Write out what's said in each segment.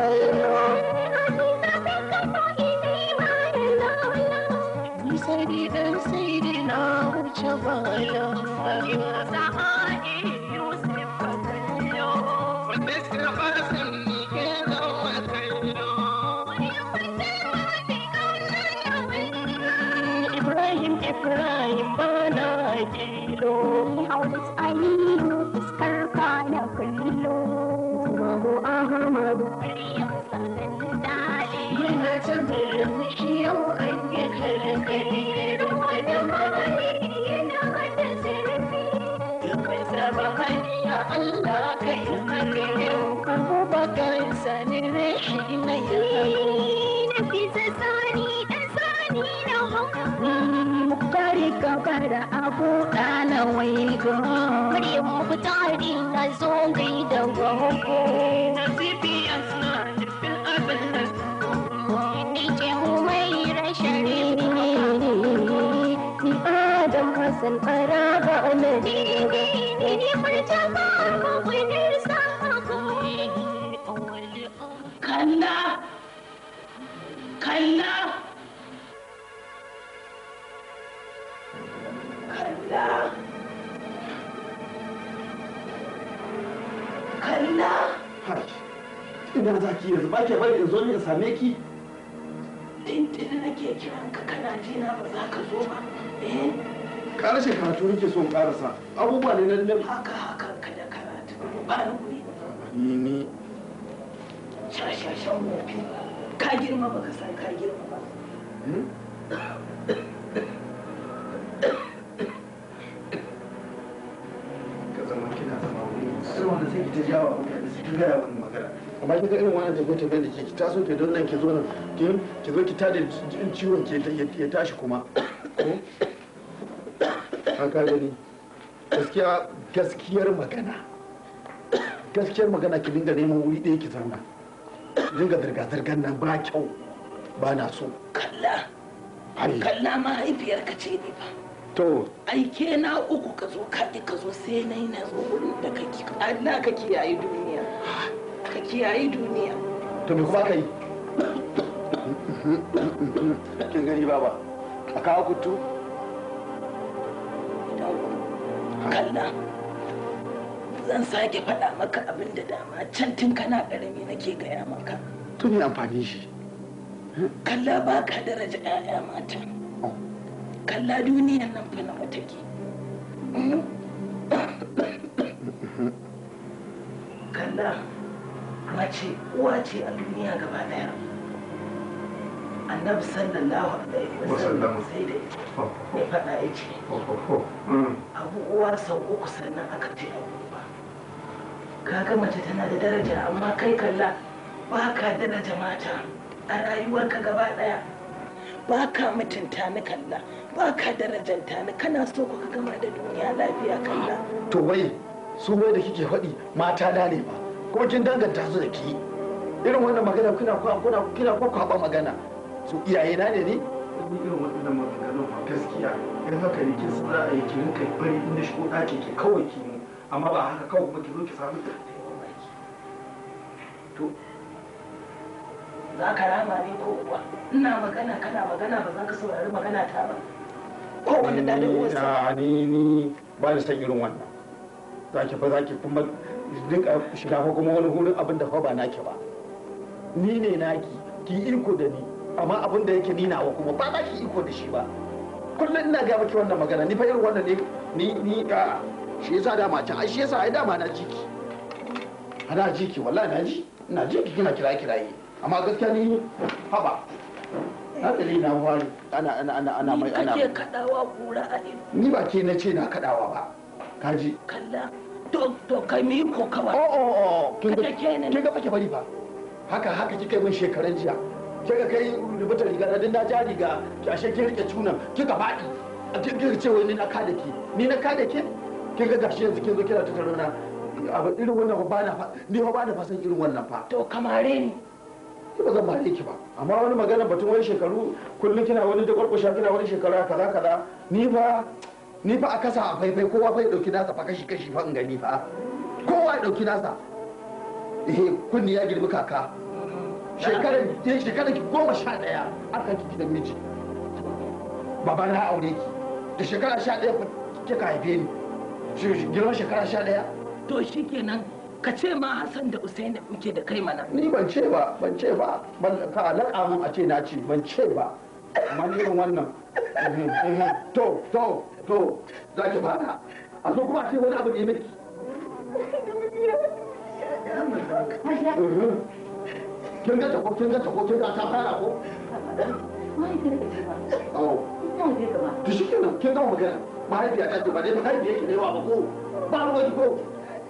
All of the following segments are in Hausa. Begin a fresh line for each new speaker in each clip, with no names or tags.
karlo ni sadidan sayidina uchavala ni sahana kada a buɗa na waigo Maryam mutari na zo gai da gogo Nasibi asna nufin abin da Ni ce mai rashin Ni Adam Hassan Araba Amadu
aikin da za ki yanzu ba ke bari in zo ni in same ki
na nake kiran ka kana jina ba za ka zo ba eh
karashin karatu nake son karasa abubuwa ne na nan haka haka ka da karatu ba ni ni ni mu fi
ka girma ba ka san ka girma ba
hmm? ka zama kina zama wuri sai wanda sai ki ta jawa mutane su gaya wani magana amma kika irin wannan tafiye tafiye da ke ta so ke don nan ke zo nan ke zo ki ta da ciwon ke ya tashi kuma an ka gani gaskiya gaskiyar magana gaskiyar magana ki dinga neman wuri ɗaya ki zauna dinga zirga-zirgar nan ba kyau ba na so
kalla kalla mahaifiyar ka ce ne ba to aike na uku ka zo ka ka zo sai na yi na zo wurin da kake Allah kake yayi duniya ka kiyaye duniya
to me kuma ka yi kin gani baba a kawo kutu kalla zan
sake faɗa maka abin da dama can tun kana ƙarami nake gaya maka
to me amfani shi
kalla ba ka daraja 'ya'ya mata oh. kalla duniyan nan fa na wata kalla mace uwa ce a duniya gaba daya annabi sallallahu alaihi wasallam sai da ya oh. faɗa ya ce oh, oh, mm. abu uwa sau uku sannan aka ce abu kaga mace tana da daraja amma kai kalla ba ka daraja mata a rayuwarka gaba daya ba ka mutunta ni kalla ba ka darajanta ni kana so ka gama da duniya lafiya kalla to
wai su wai da kike faɗi mata da ne ba kuma kin danganta su da ki irin wannan magana kuna kuna kina ko kwaba magana su iyaye na ne ni irin wannan maganganun gaskiya in haka ne kin san ra'ayi ki rinka bari inda shigo ɗaki ki kawai ki amma ba haka kawai kuma ki zo ki samu to za
ka rama ne ko kuwa ina magana kana magana ba za ka saurari magana ta ba ko wani da wasu
ni ba ni san irin wannan za ki fa za ki kuma dinka shiga ko kuma wani hurin abin da fa ba naki ba ni ne naki ki iko da ni amma abin da yake ni wa kuma ba za ki iko da shi ba kullum ina ga maki wannan magana ni fa irin wannan ne ni ni a shi yasa dama can ai shi yasa ai dama na jiki ana jiki wallahi na ji ina jiki kina kira yi. amma gaskiya ni haba
hatsari na wari
ana ana ana ana mai ana ni ba ke na ce na kadawa ba kaji kalla to to kai mi ko kawa o oh, o oh, o oh, kin ga kin ga fake bari fa haka haka kika min shekaran jiya kika kai rubuta riga da dinda ja riga ki ashe kin rike tunan kika fadi a kika ce wai ni na kada ke ni na kada ki kin ga gashi yanzu kin zo kira ta tarona abu irin wannan ba na fa ni ba na fasan irin wannan fa to kamare ni ki ba zan mare ki ba amma wani magana batun wani shekaru kullum kina wani da kwarkwasha kina wani shekara kaza kaza ni ba ni fa a kasa a faifai kowa fa ya dauki nasa fa kashi kashi fa in gani fa kowa ya dauki nasa eh kunni ya girbi kaka shekarar ki shekarar ki goma sha daya aka ki gidan miji baba na aure ki da shekara sha daya fa kika haife ni girma shekara sha daya to shikenan
ka ce ma Hassan da Usain da kuke da kai mana ni ban ce ba
ban ce ba ban ka alaka mun a ce na ci ban ce ba amma irin wannan eh, eh, eh. to to to za ki fara a so kuma ce wani abu ne miki kin ga tako kin ga tako kin ga ta fara ko to shi kenan kin magana mahaifiya ta ce ba dai mahaifiya ki yawa ba ko ba ko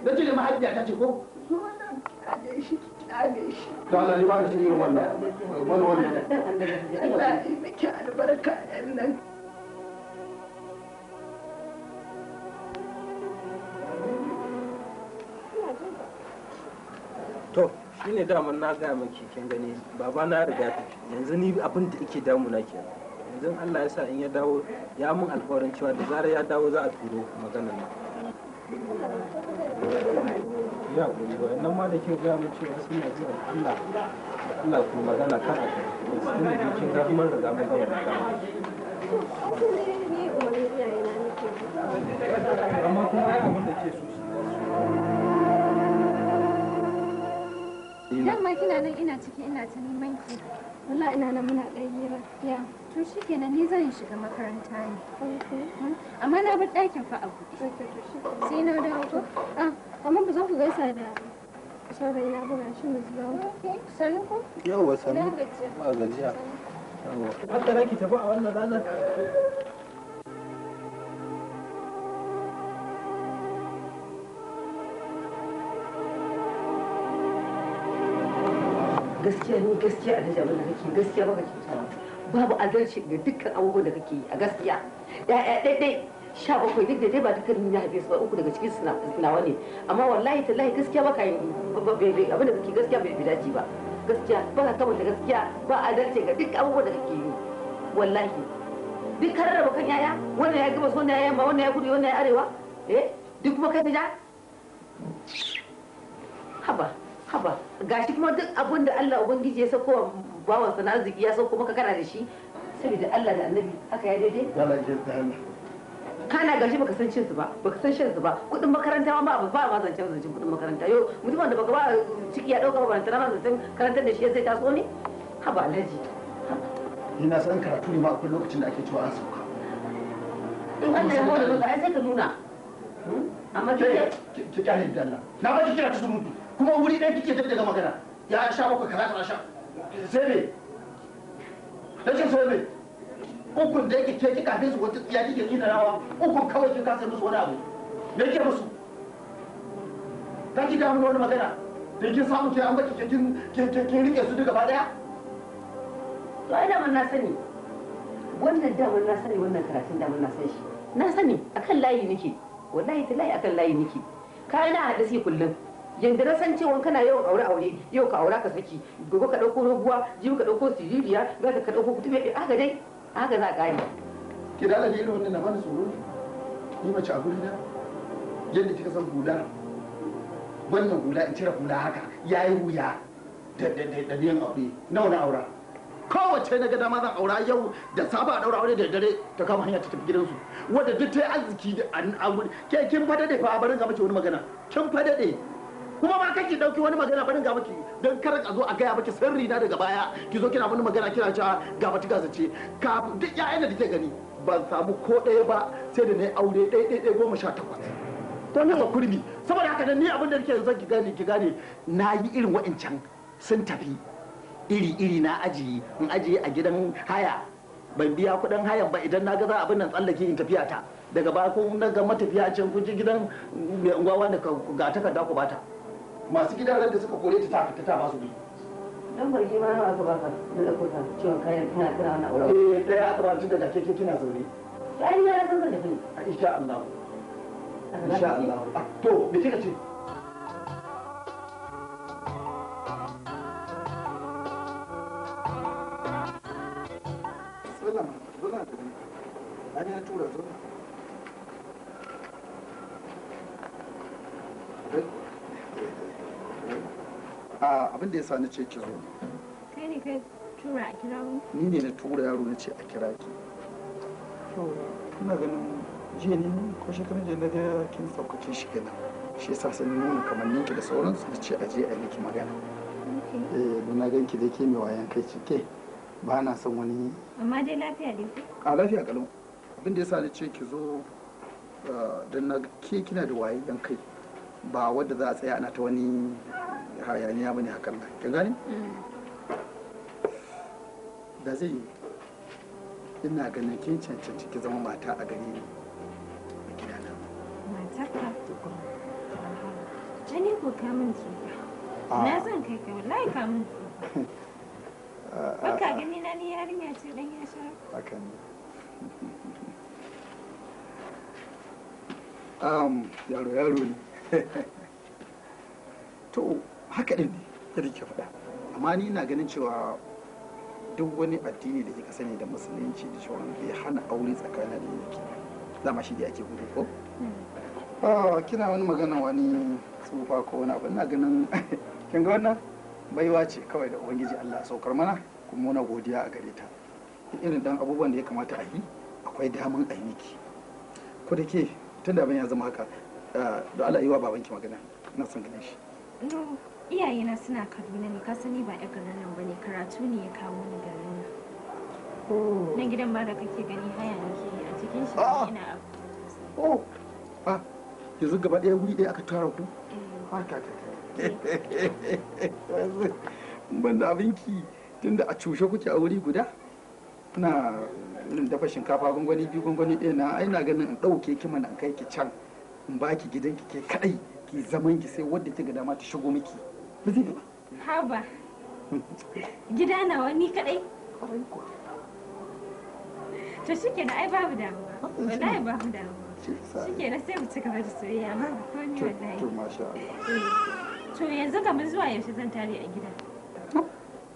da ce mahaifiya ta ce ko da Allah ne ba ka shi ne wannan wani wani ne ne
ne ne ne
shine daman na gaya maki kin gani baba na riga yanzu ni abin da yake damuna ke yanzu Allah ya sa in ya dawo ya mun alƙawarin cewa da zarar ya dawo za a turo maganar nan
ya kuri wa nan ma da ke gaya mun cewa suna jiran Allah Allah ku magana kan a sun da kin ga mun riga mun
amma kuma abin da ke so Madina. Yamma kina nan
ina ciki ina ta neman ki. Wallahi ina nan muna ɗan hira. Ya. To shi shikenan ni zan shiga makaranta ne.
Hmm? Amma na bar ɗakin fa a abu. Sai na dawo ko? Ah, amma ba za ku gaisa da saurayi na buga shi mu zuwa. Sannu ko? Yawwa sannu.
Ba gajiya.
Yawwa. Hatta ki tafi
a wannan ranar.
gaskiya ni gaskiya a dajabar da kake gaskiya ba kake tsawa babu adalci ga dukkan abubuwan da kake yi a gaskiya ya'ya ɗaiɗai sha bakwai duk da dai ba ta karni na haife su ba uku daga cikin nawa ne amma wallahi tallahi gaskiya ba yi abin da kake gaskiya bai dace ba gaskiya baka da gaskiya ba adalci ga duk abubuwan da kake yi wallahi duk ka rarraba kan yaya wannan ya gaba wannan ya yamma wannan ya kudu wannan ya arewa eh duk kuma kai ta ja haba haba shi kuma duk abin da Allah ubangiji ya sako wa bawan sana arziki ya sauko maka kana da shi saboda Allah da annabi haka ya daidai kana gashi baka san cin su ba baka san shan su ba kudin makaranta ma ba ba ma zancen zancen kudin makaranta yo mutumin da baka ba eh, ciki ya dauka ba tana zancen karantar da shi zai taso ne haba
alhaji ina san karatu ne ma akwai lokacin da ake cewa an sauka in Allah ya hore maka
sai ka nuna hmm? amma ki
kike da Allah na ba kike ta su mutu kuma wuri ɗaya kike tafi daga magana ya sha bakwai kaza kaza sha sai me rashin sai me uku da yake kika kafin su wata tsiya kike tsina rawa uku kawai kin kasa musu wani abu me ke musu kaki ki ga mun wani magana da kin samu ke an baki ke kin ke rike su duka ba daya to ai da mun na sani
wannan da mun na sani wannan karatun da mun na sani na sani akan layi nake wallahi ta layi akan layi nake kayana a haɗe sai kullum yanda na san cewa kana yawan aure aure yau ka aura ka saki gobe ka dauko ruguwa jibi ka dauko siririya za ka ka dauko kutube eh, haka dai haka za ka yi
ki da alaji irin wannan na bani tsoro ni mace a guri yadda kika san hula wannan hula in cire hula haka yayi wuya da da da biyan aure nawa na aura kowace na gada ma zan aura yau da saba daura aure da dare ta kama hanya ta tafi gidansu wanda duk ta yi arziki da an aure ke kin fadade fa a barin ga mace wani magana kin fadade kuma ma kake dauki wani magana barin ga miki don kar a zo a gaya miki sirri na daga baya ki zo kina wani magana kina cewa ga ga zace ka duk ƴaƴan da kike gani ban samu ko ɗaya ba sai da na aure ɗaya ɗaya ɗaya goma sha takwas ta kurmi saboda haka nan ni abin da nake zan ki gane ki gane na yi irin wa'incan sun tafi iri iri na aji in ajiye a gidan haya ban biya kuɗin hayan ba idan na ga za abin nan tsallake in tafiya ta daga baya ko na ga matafiya a can kun gidan mai unguwa wanda ga takarda ku bata masu gidan da suka kore ta ta ta ba su bi dan barki ma na aka baka da da kota ciwon kayan tana kana wannan aure eh daya aka ba da jake ke kina zaune ai ni na san da kai insha Allah insha Allah to me kika ce Sallama, zo na tafi. bismillah. na tura zuwa. abin da ya sa na ce ki zo
kai ne kai
tura a kira
ni ne na tura yaro na ce a kira ki To, ina ganin jiya ne ko shekarun jiya na ga kin saukake shi kenan shi yasa sun nuna kamar ninki da sauransu na ce a je a miki magana eh don na ganki da ke mai wayan kai cike ba na son wani
amma dai lafiya dai
a lafiya kalau abin da sa ni ce ki zo ah, don na ke kina da wayan kai ba wadda za a tsaya ana ta wani hayaniya bane hakan nan kin gani mm. da zai ina ganin kin cancanci ki zama mata a gare ni a
gidana
mata ka tukun ne ko ka min tsufa
ah. na
zan
kai ka wallahi ka min tsufa
ah,
ah,
baka
gani na ni yarinya ce dan ya sha
haka um, yaro yaro ne to haka din ne da ke faɗa amma ni na ganin cewa duk wani addini da kika sani da musulunci da shawar bai hana aure tsakanin da yake dama shi da ake gudu ko
hmm.
ah, kina wani magana wani tsufa ko wani abu na ganin kin ga wannan baiwa ce kawai da ubangiji Allah saukar mana kuma muna godiya a gare ta irin dan abubuwan da ya kamata a yi akwai daman a yi ki ko da ke tun da ban ya zama haka ah, da Allah yi wa babanki magana ina son ganin shi
iyayena suna kaduna ne ka sani ba yan garin nan ne karatu ne ya kawo ni garin nan oh. nan gidan ba da kake gani haya ne ke a cikin shi ah!
ina abu oh. ah yanzu gaba ɗaya wuri ɗaya aka tara ku eh. ah, ban da abinki tunda a cushe kuke a wuri guda kuna dafa shinkafa gwangwani biyu gwangwani ɗaya na aina ganin in ɗauke ki mana kai ki can in baki gidanki ke kaɗai ki zaman ki sai wadda ta ga dama ta shigo miki
haba gida na wani kadai to shike na ai babu damuwa wallahi babu
damuwa shike
na sai mu ci gaba da soyayya ba komai wallahi to masha Allah to yanzu kamar zuwa yaushe zan tare a gida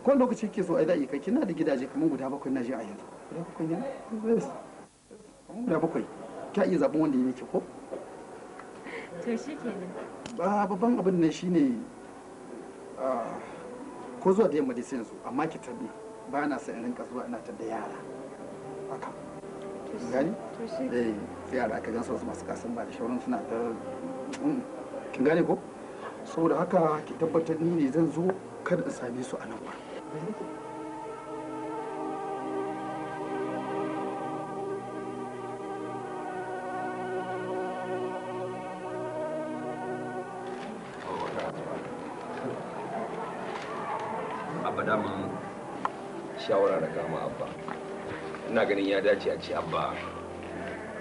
Ko lokaci ke so ai da'i kai kina da gidaje kamar guda bakwai na je a yanzu guda bakwai ne guda bakwai ka iya zaɓen wanda ya miki ko
to shikenan
babban abin nan shine Ah, ko zuwa da yamma da sai yanzu amma ki tabi ba na sa in rinka zuwa ina ta da yara haka gani eh yara aka gansa wasu masu kasan ba da shauran suna ta mm, kin gane ko saboda haka ki tabbatar ni ne zan zo kada in same su a nan ba ganin ya dace a ce abba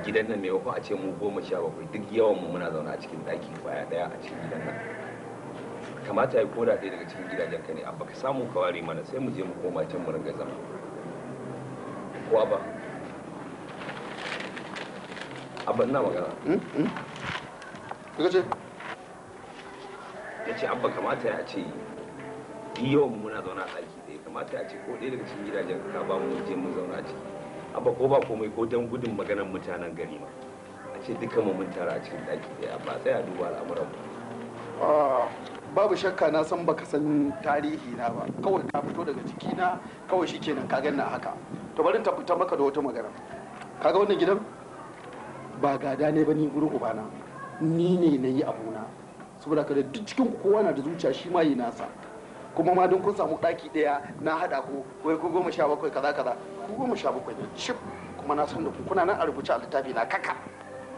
gidan nan maimakon a ce mu goma sha bakwai duk yawan mu muna zauna a cikin daki baya daya a cikin gidan nan kamata ya koda ɗaya daga cikin gidajen ka ne abba ka samu ka ware mana sai mu je mu koma can mu ringa zama ko abba abba ina magana hmm, hmm. kace ya ce abba kamata ya ce yawan mu muna zauna a daki ɗaya kamata ya ce ko ɗaya daga cikin gidajen ka ba mu je mu zauna a ciki abba ko ba komai ko don gudun maganar mutanen gari ma a ce duka mu mun tara a cikin ɗaki ɗaya ba tsaya duba al'amuran ba ah, babu shakka na san baka san tarihi na ba kawai ka fito daga jiki na kawai shikenan ka ganna haka to bari ta fita maka da wata magana kaga wannan gidan ba gada ne ba ni gurin ubana ni ne nayi abuna saboda kada duk cikin kowa na da zuciya shi ma yi nasa kuma ma don kun samu ɗaki ɗaya na haɗa ku wai ku goma sha bakwai kaza kaza ku goma sha bakwai ne chip kuma na san da ku kuna nan a rubuce a littafi na kaka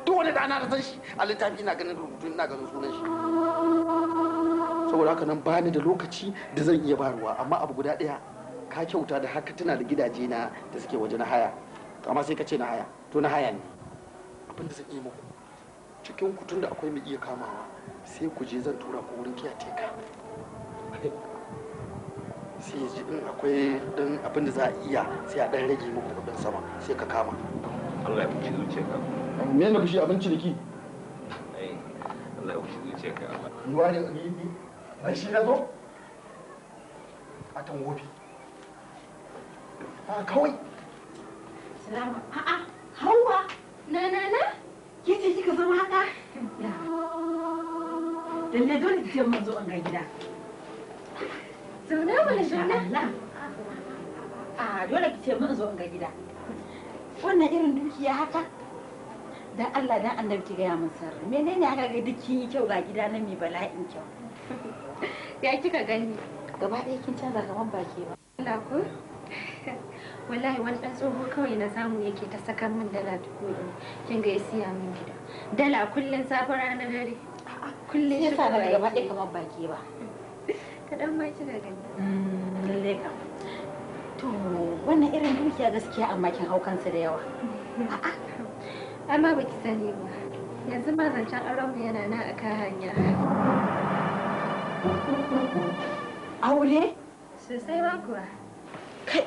duk wani da na san shi a littafi ina ganin rubutu ina ganin sunan shi saboda haka nan bani da lokaci da zan iya baruwa amma abu guda ɗaya ka kyauta da haka tana da gidaje na da suke waje na haya amma sai ka ce na haya to na haya ne abin da zan iya muku cikin kutun da akwai mai iya kamawa sai ku je zan tura ku wurin kiyateka sai ya ji in eh, akwai dan abin da za a iya sai a dan rage muku kudin sama sai ka kama Allah ya fushi zuciyarka me ne fushi abinci da ki Allah ya fushi zuciyarka ruwa ne ni ai shi na zo a tan gobe
a kawai salama a a hawa na na na kike kika zama haka lalle dole ki ce mun zo an ga gida Zauna mana zauna. A dole ki ce mun zo ga gida. Wannan irin dukiya haka? Dan Allah dan annabi ki gaya min sarri. Menene haka ga duk kyau ga gida na mai bala'in kyau. Ya kika gani? Gaba ɗaya kin canza gaban baki ba. Allah ko? Wallahi wani ɗan tsoho kawai na samu yake ta saka min dala dubu ɗaya. Kin ga ya siya min gida. Dala kullum safe ranar dare. Kullum shi ba. Yasa daga gaba ɗaya kamar baki ba. kaɗan ma kika gani mm, lalle kam to wannan irin dukiya gaskiya amma kin hau kansa da yawa sani ba yanzu ma zancen yana nan a kan hanya aure sosai ma kuwa kai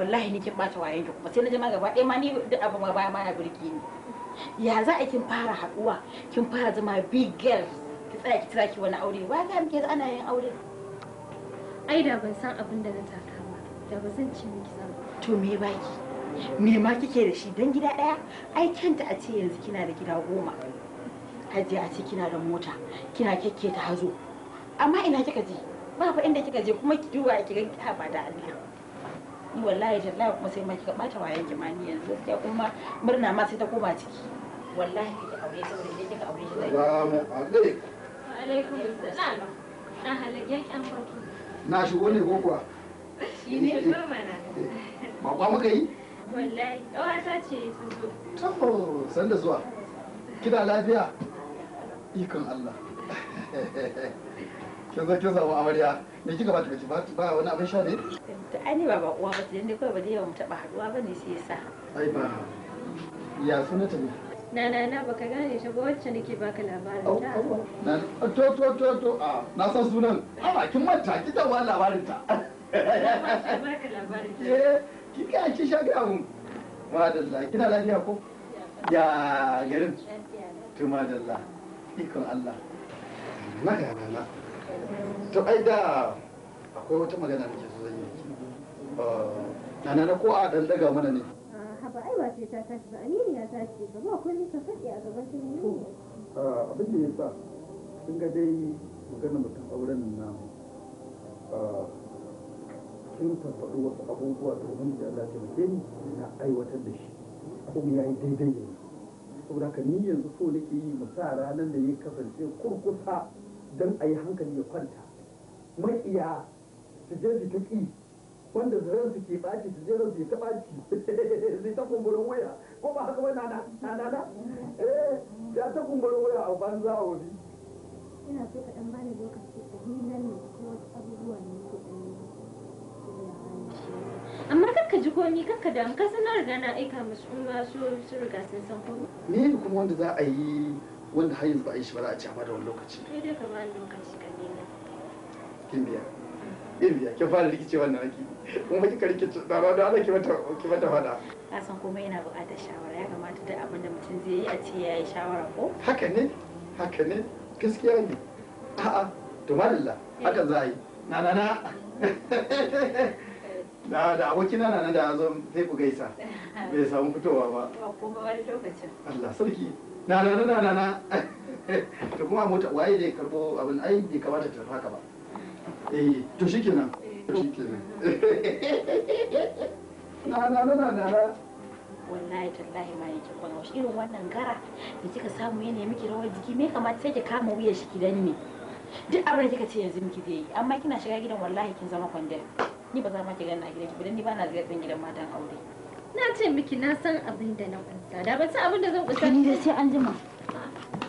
wallahi ni kin bata wayan ki kuma sai na jama gaba ɗaya ma ni duk abu ma baya ma ya burge ni ya za a kin fara haɗuwa kin fara zama big girls ki tsaya ki tsaya ki wani aure wa ga muke ana yin aure ai da ban san abin da na taka ba da ba zan ci miki zan to me baki me ma kike da shi dan gida daya ai kanta a ce yanzu kina da gida goma hajiya a ce kina da mota kina kekke ta hazo amma ina kika je ba fa inda kika je kuma ki duba ki ga ba da Allah ni wallahi tallahi kuma sai ma kika bata wayan ki ma ni yanzu sai kuma murna ma sai ta koma ciki wallahi kike aure saboda kike aure shi
zai
na shi wani ko kuwa
shi ne mana
ba kwa muka yi
wallahi ƙawata ce su zo
tabo san da zuwa kina lafiya ikon Allah kin zo kin samu amarya me kika bata kaci ba wani abin sha ne to
ai ni ba ba uwa ba sai ne kawai ba dai ba mu taba haduwa bane sai yasa
ai ba ya sunata ne
na na na baka gane shi ba wacce nake baka labarin ta
to to to to a na san sunan a kin manta ki ta wani labarin ta baka labarin ta eh, ki
ka ki shaga mun
madalla kina lafiya ko ya garin to madalla ikon Allah na ga na to ai da akwai wata magana nake so zan yi eh, na na ko a dan daga mana ne
abu ai ba sai ta tashi ba aminiya ta
ce ba. ba kullum ka faɗi a gaban ta aminiya
abin da ya sa sun ga dai magana mutum auren na sun farfaɗo wasu abubuwa da wani da Allah taimake ni na aiwatar da shi kuma ya yi daidai yanzu saboda haka ni yanzu so nake yi mu sa ranar da ya kasance kurkusa don a yi hankali ya kwanta maƙiya su je su ta ƙi wanda ran su ke baki su zero ran su ta baki zai ta kumburin waya ko ba haka wani nana nana eh ya ta kumburin waya a banza a wuri ina so
ka dan ni lokaci dalilan ne ko abubuwa ne ko amma kakka ji komi ka damu ka sanar da na aika musu kuma su su riga sun san komi
ni kuma wanda za a yi wanda har yanzu ba a yi shi ba za a ci amma da wani lokaci
kai dai ka bani lokaci ka nemi
kin biya kin biya kin fara rikicewa na aiki kuma kika rikice tsara da ana ki mata fada
ka san kuma yana buƙatar shawara ya kamata duk abin da mutum zai yi a ce ya yi shawara ko
haka ne haka ne gaskiya ne a'a to eh. haka za a yi na na na da da na nan da zo zai ku gaisa bai samu fitowa ba
kuma wani lokacin
Allah sarki na na na na na to kuma mota waye karbo abin ai bai kamata ta haka ba eh to shikenan eh.
na na na na na kwana shi irin wannan gara da kika samu ya miki rawar jiki me kamata kama wuya shi gidan ne duk kika ce yanzu miki amma kina shiga gidan wallahi kin zama kwandel ni ba ma ganna gidan ni na gidan matan aure na ce miki san abin da na kunsa da ba san abin da zan kunsa ni da sai an jima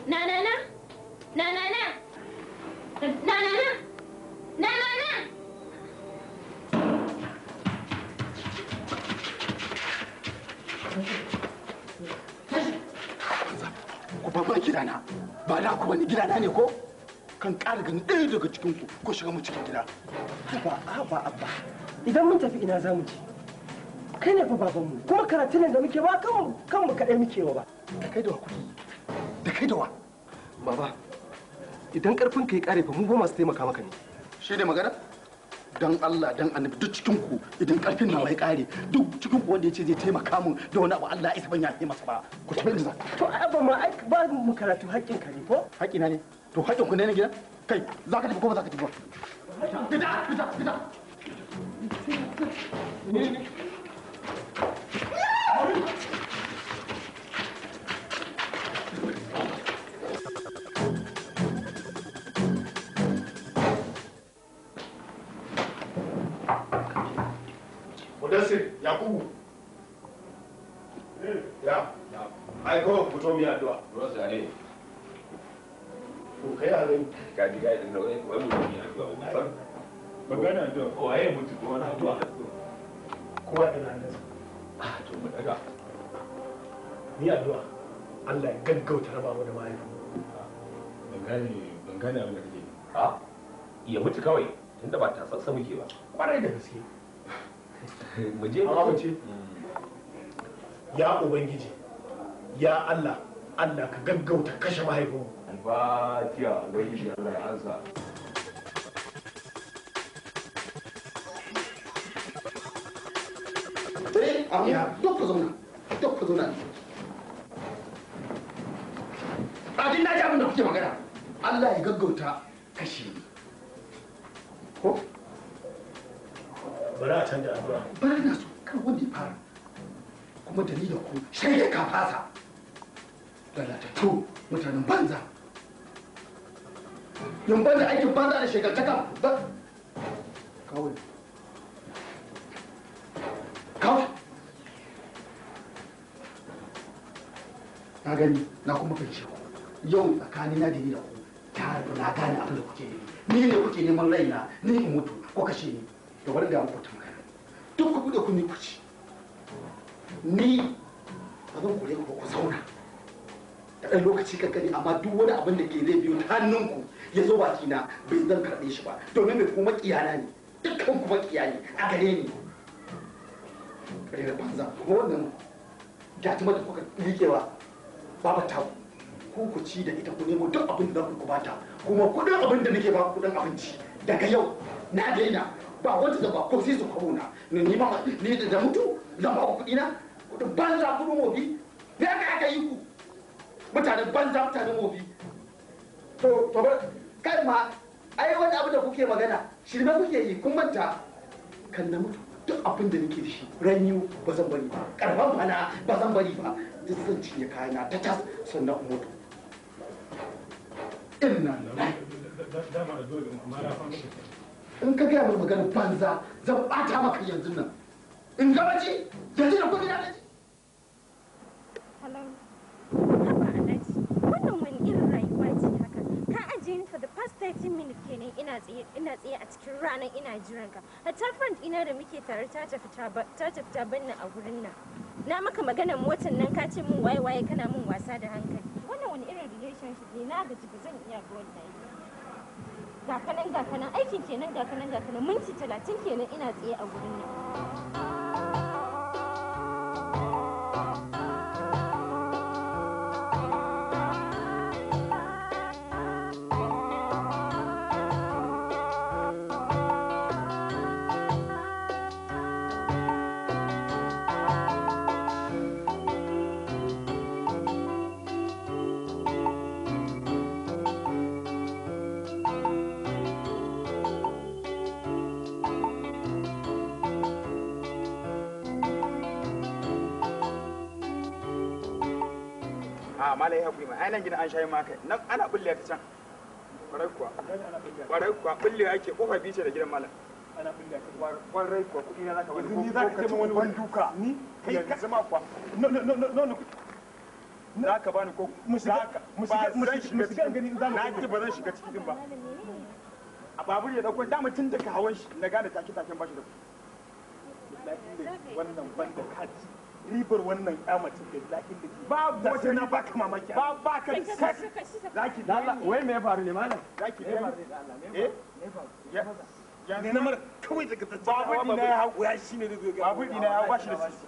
na na na na na na na na na na na
ku ba mana gidana ba na ku bane gidana ne ko kan ƙara gani ɗaya daga cikinku ko shiga mu cikin gida haba haba abba idan mun tafi ina zamu je kai ne fa baban mu kuma karatun da muke ba kan kan mu kadai muke ba da kai da wa kuɗi da kai da wa baba idan ƙarfin ka ya kare fa mu ba masu taimaka maka ne shi da magana dan Allah dan annabi duk cikin ku idan karfin nan bai kare duk cikin ku wanda yace zai taimaka mu da wani abu Allah isa ban ya taimaka ba ku tafi da to ai ba ma ba mu karatu haƙin ka ne ko haƙi na ne to haƙin ku ne ne gida kai za ka tafi ko ba za ka tafi ba
gida fita fita
mudassir yakubu ya ai ko addu'a kai diga da addu'a ba magana addu'a ko mutu ko wani addu'a nan ah to mu daga ni addu'a Allah ya gaggauta raba mu da abin da kake ah, a mutu kawai tunda ba muke ba kwarai da gaske Mm. ya ubangiji ya Allah Allah ka gaggauta kashe mahaifinmu fatiha ubangiji Allah ya ansa amma duk ka zauna duk ka zauna abin da abin da kuke magana Allah ya gaggauta kashe bari a canza addu'a bari na so kar wanda ya fara kuma dalilin ku shaidai ka fasa lalatattu mutanen banza yan banza aikin banza da shekartaka ba kawai kawai na gani na kuma fahimci ku yau tsakanin na dalilin ku ta na gane abin da kuke yi ni ne kuke neman raina ni in mutu ko kashe ni da wani da muku magana duk ku bude kun kuci ni ba zan kore ku ku zauna da ɗan lokaci kankani amma duk wani abin da ke zai biyo ta hannunku ya zo bakina bai zan karɓe shi ba domin mai kuma kiyana ne dukkan kuma kiyani a gare ni rera banza kuma wannan gatima mata kuka liƙewa babu tabu ku ku ci da ita ku nemo duk abin da za ku bata kuma kuɗin abin da nake ba kuɗin abinci daga yau na daina ba wanda da ba ko sai su kawo na ni ma ni da mutu zan ba ku kuɗi na banza kuɗin bi ya aka aka yi ku mutane banza mutanen wofi to to ba kai ma ai wani abu da kuke magana shirme kuke yi kun manta kan na mutu duk abin da nake da shi ranyu ba zan bari ba karfan bana ba zan bari ba duk zan cinye kayana ta tas sannan in mutu inna na dama dole mara fa in ka gaya min maganar banza zan bata maka yanzu nan in ga mace yanzu da kudi na naji
wannan wani irin rayuwa ce haka ka ajiye ni for the past 30 minutes kenan ina tsaye a cikin ranar ina jiran ka hatta friend ina da muke tare ta tafi ta banna a gurin nan na maka maganar motar nan ka ce min waye waye kana min wasa da hankali wannan wani irin relationship ne na gaji ba zan iya ga wannan ga kanan aikin kenan ga kanan ga kanan minti talatin kenan ina tsaye a wurin nan
mala ya haƙuri ma ai an shayi maka nan ana bulle ta can kwarai kuwa kwarai kuwa bulle ake kofa bice da gidan malam ana bulle ta kwarai kuwa kuɗi na zaka wani ni zaka ce wani wani duka ni kai ka zama kuwa no no no za ka bani ko mu gani za mu na ba zan shiga ciki din ba a babur ya dauko dama tun hawan shi na gane take taken bashi da ku wannan banda kaji ribar wannan kyamacin da lakin da ba wace na baka mamaki ba baka da zaki da Allah wai me ya faru ne malam zaki ne faru da Allah ne faru ne eh? na mar kawai daga ba dina ya hawo ya shine da ba dina ya bashi da sisi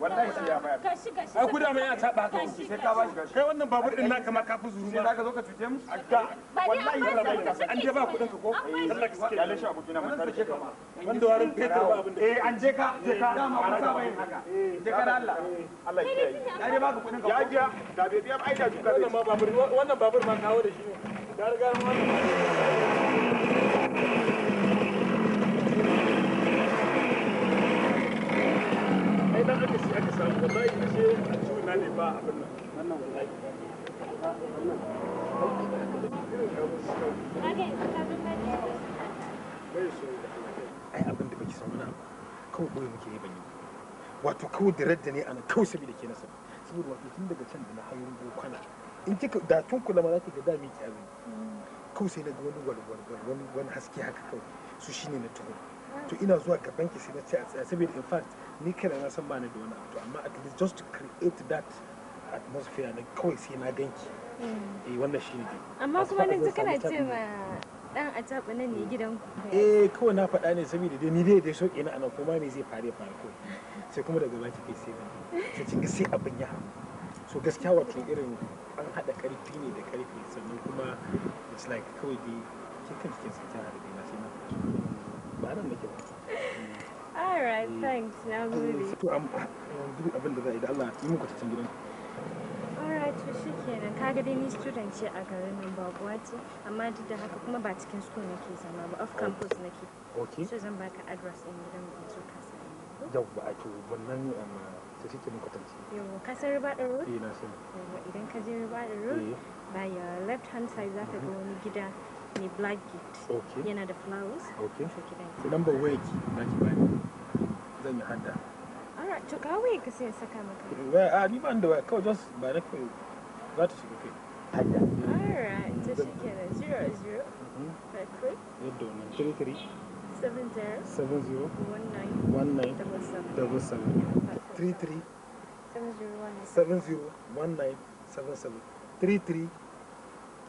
wallahi sai ya bayar
kashi kashi ai kuda taba ka wuce sai ka bashi kashi
kai wannan babur din naka ma ka fi zuru ma sai ka zo ka cuce mu adda wallahi ya rabai an je ba kudin ka ko Allah ka sake lalle shi abokina mun sarke ka ma wanda warin ba abin da eh an je ka je ka dama ba sa bayin haka eh, je ka da Allah eh, Allah ya kiyaye ya je ba ka kudin ka ya da bai biya ai da duka wannan babur wannan babur ma kawo da shi ne
da riga wannan
wallahi ce a na abin da baki san kawai boye muke yi ban wato kawai da radda ne ana kawai saboda ke nasa saboda wato tun daga can da na hayo kwana in kika da tun kula ma za ki ga da miki azumi kawai sai na ga wani walwal wani wani haske haka kawai su shine na tuhu to ina zuwa gaban ki sai na ce a saboda in fact ni kada na san bani da wani abu amma at least just to create that atmosphere na kawai sai na ganki mm. eh wannan shine dai
amma kuma ne ta kana ce ma
dan a taɓa nan ne gidan ku
eh kawai na faɗa ne saboda dai ni dai da shauƙi na ana kuma me zai fare fare ko sai kuma daga baki kai sai sai kin sai abin ya so gaskiya wato irin an hada karfi ne da karfi sannan kuma it's like kawai dai kika kan kin sai tana da na sai na ba nan nake ba
Alright, thanks. Na mm,
To
to kenan. Ka ga dai ni student a garin nan ba kuwa ce, amma duk da haka kuma ba cikin school nake zama ba, off campus nake. Okay. So zan baka ka sani. Yawwa, a to um, ka san riba ɗin road? Eh, na eh. left hand side za ka ga mhm. wani gida. mai black gate okay. yana da flowers
okay. to dan ba wayarki na ki bani Alright. yi hada
alright to ka wayar ka sai saka maka
waya a ni ban da waya kawai just ba na Alright. za ta shiga kai hada
alright to shikenan 00 yadda
wannan mm-hmm. 33
70
70
19
19
77 33
70
19 77 33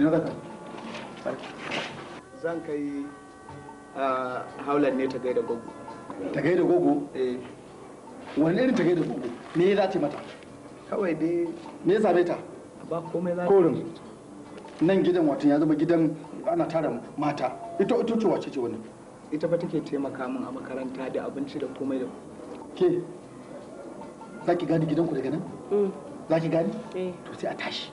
ina zan kai haulan ne ta gaida gogo ta gaida gogo eh wani irin ta gaida gogo me za ta mata kawai dai me ya same ta ba komai za korin nan gidan watan ya zama gidan ana tara mata ita ita ce wace ce wannan ita fa take taimaka min a makaranta da abinci da komai da ke za ki gadi gidanku daga nan mm. za ki gani eh. to sai a tashi